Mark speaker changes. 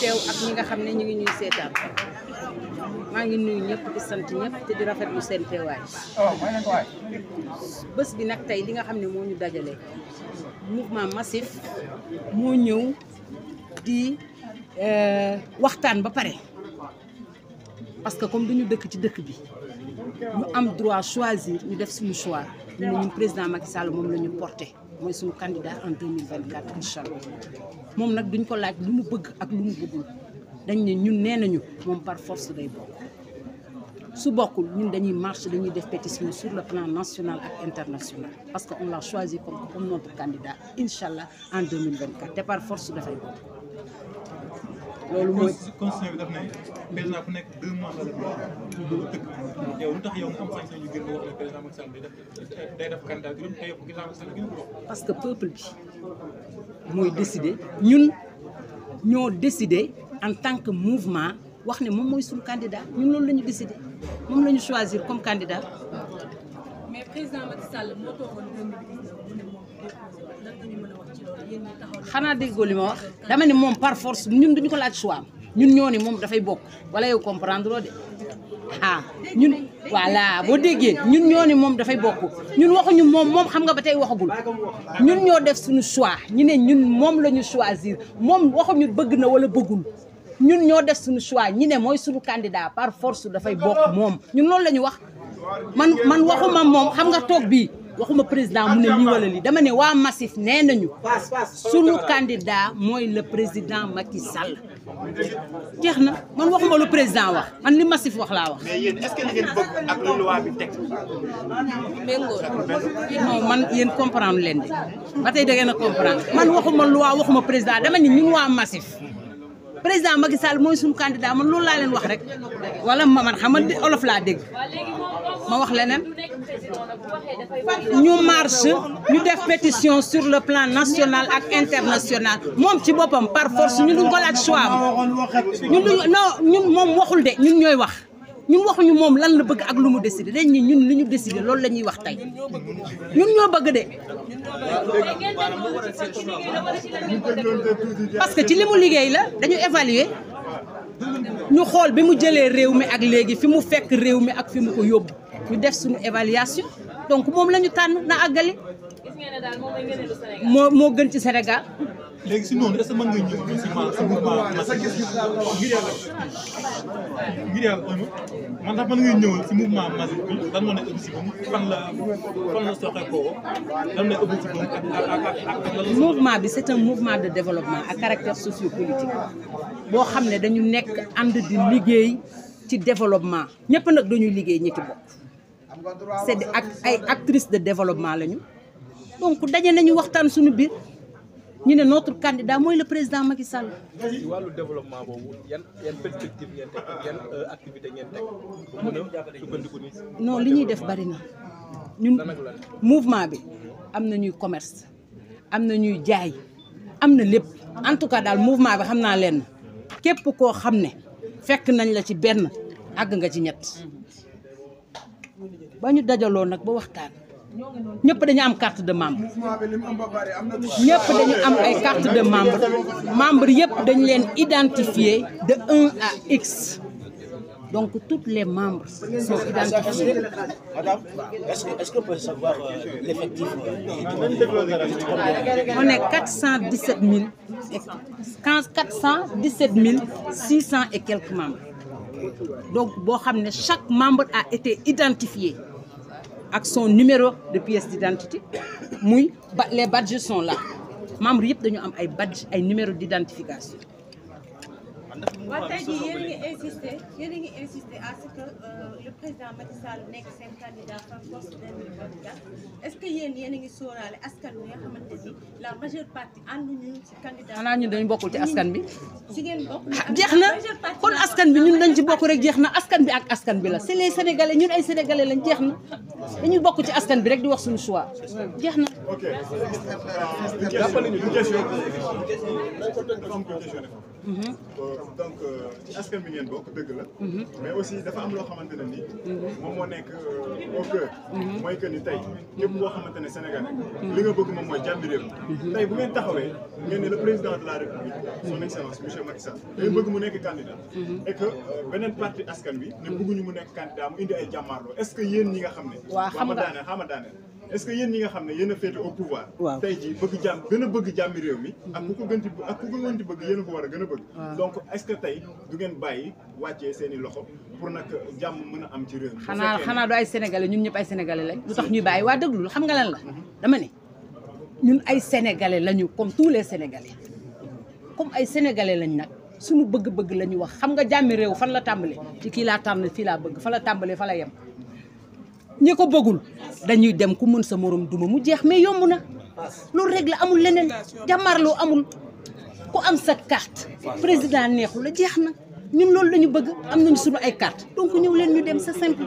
Speaker 1: teew ak ñi nga xam ne ñu ngi ñuy seetaan maa ngi nuyu ñëpp di sant ñëpp te di rafetlu seen teewaay oh, bés bi nag tey li nga xam ne moo ñu dajale mouvement massif moo ñëw di euh, waxtaan ba pare parce que comme duñu dëkk ci dëkk bi ñu am droit choisir ñu def si mu choix ñu ñun président Macky Sall moom la ñu porté mooy suñu candidat en 2024 incha allah moom nag duñ ko laaj lu mu bëgg ak lu mu bëggul dañ ne ñun nee nañu moom par force day bokk su bokkul ñun dañuy marche dañuy def pétition sur le plan national ak international parce que on l'a choisi comme comme notre candidat incha allah en 2024 te par force dafay bokk loolu mooy la def loolu tëgg yow tax yow nga am sañ-sañ ñu gën a wax ne président parce que peuple bi mooy décider ñun ñoo décider en tant que mouvement wax ne moom mooy suñu candidat ñun loolu la ñu moom lañu ñu choisir comme candidat. xanaa déggoo li ma wax dama ne moom par force ñun duñu ko laaj choix ñun ñoo ne moom dafay bokk wala yow comprendre loo de ah ñun voilà boo déggee ñun ñoo ne moom dafay bokk ñun waxuñu moom moom xam nga ba tey waxagul ñun ñoo def suñu choix ñu ne ñun moom la ñu choisir moom waxuñu bëgg na wala bëggul ñun ñoo def suñu choix ñi ne mooy suñu kandidaa par force dafay bokk moom ñun loolu la wax man man waxuma moom xam nga toog bii waxuma président mu ne lii wala lii dama ne waa Massif nee nañu sunu candidat mooy le président Macky Sall jeex na man waxuma lu président wax man li Massif wax laa wax. mais yéen est-ce que li ngeen bëgg ak lu loi bi teg. méngóo non man yéen comprendre leen de ba tey da ngeen a comprendre man waxuma loi waxuma président dama ne ñun waa Massif. président Macky Sall mooy suñu candidat man loolu laa leen wax rek wala ma man xam nga olof laa dégg ma wax leneen ñu marche ñu def pétition sur le plan national ak international moom ci boppam par force ñun duñ ko laaj moom waxul de ñu ñooy wax ñun waxuñu moom lan la bëgg ak lu mu décidé leen ni ñun li ñu décidé loolu la ñuy wax tey ñun ñoo bëgg de. parce que ci li mu liggéey la dañu évaluer ñu xool bi mu jëlee réew mi ak léegi fi mu fekk réew mi ak fi mu ko yóbbu ñu def suñu évaluation donc moom lañu tànn na àggali moo moo gën ci Sénégal léegi si noonu est-ce que nga ñëw si ma si groupement Massi ngir nga ñëw si mouvement Massi bi lan moo nekk objectif am fan la fan la soxee koo lan nekk objectif am ak de développement à caractère sociopolitique boo xam ne dañu nekk ànd di liggéey ci développement ñëpp nag dañuy liggéey ñi bopp c'est ak ay actrices de développement lañu donc daje nañu waxtaan suñu biir ñu ne notre candidat mooy le président Macky Sall. wàllu développement boobu yan yan euh, li ñuy def bari na ñun mouvement bi am na ñuy commerce am na ñuy jaay am na lépp en tout cas daal mouvement bi xam naa leen képp koo xam ne fekk nañ la ci benn àgg nga ci ñett ba ñu dajaloo nag ba waxtaan. ñëpp dañu am carte de membre ñëpp dañu am ay carte de membre membre yëpp dañu leen identifier de 1 à X donc toutes les membres sont identifiés. Madame, est-ce que, est-ce qu'on peut savoir euh, l'effectif euh, On est 417 et 15 417 Donc boo xam ne chaque membre a été identifié. ak son numéro de pièce d'identité muy ba les badges sont là membres yëpp dañu am ay badge ay numéro d'identification. waaw tey jii ce que euh, le yéen a ngi sóoraale askan wi nga xamante ni la ci askan bi. si ngeen bokk ah, jeex na kon askan bi ñun dañ ci bokk rek jeex na askan bi ak askan bi la c'est les sénégalais ñun ay sénégalais lañ jeex na. dañuy bokk ci askan bi rek di wax suñu choix jeex na. ok jàppale ñu question mhm. donc ci askan la. Mhm. mais aussi dafa am loo xamante ne nii. Mhm. moom moo nekk euh, au cœur. mooy que ni tey képp koo xamante ne Sénégal li nga bëgg moom mooy jàmmi réew bu ngeen taxawee ngeen ne le président de la république. son excellence monsieur Macky Sall. day bëgg mu nekk candidat. et que euh, beneen parti askan bi. ne bëgguñu mu nekk candidat mu indi ay jàmmaarloo est-ce que yéen ñi nga xam ne. waa xam nga daane xama daane est-ce que yéen ñi nga xam ne yéen a féete au pouvoir waaw tey jii bëgg jàmm gën a bëgg jàmmi réew mi ak ku ko gënti ak ku ko bëgg yéen a ko war a gën a bëgg donc est-ce que tey du ngeen bàyyi wàccee seen i loxo pour nag jàmm mën a am ci réew xanaa xanaa du ay sénégale ñun ñëpp ay sénégalais lañ lu tax ñuy bàyyi waa déglul xam nga lan la mhm. dama ne ñun ay sénégalais lañu comme tous les sénégalais comme ay sénégalais lañ nag suñu bëgg-bëgg la ñu wax xam nga jàmmi réew fan la tàmbale ci kii laa tàmbale fii laa bëgg fan la fa la yem ñi ko bëggul dañuy dem ku mën sa moroom duma mu jeex mais yomb na loolu rek la amul leneen jàmmaarloo amul ku am sa carte président neexu la jeex na ñun loolu lañu bëgg am nañu suñu ay carte donc ñëw leen ñu dem c'est simple.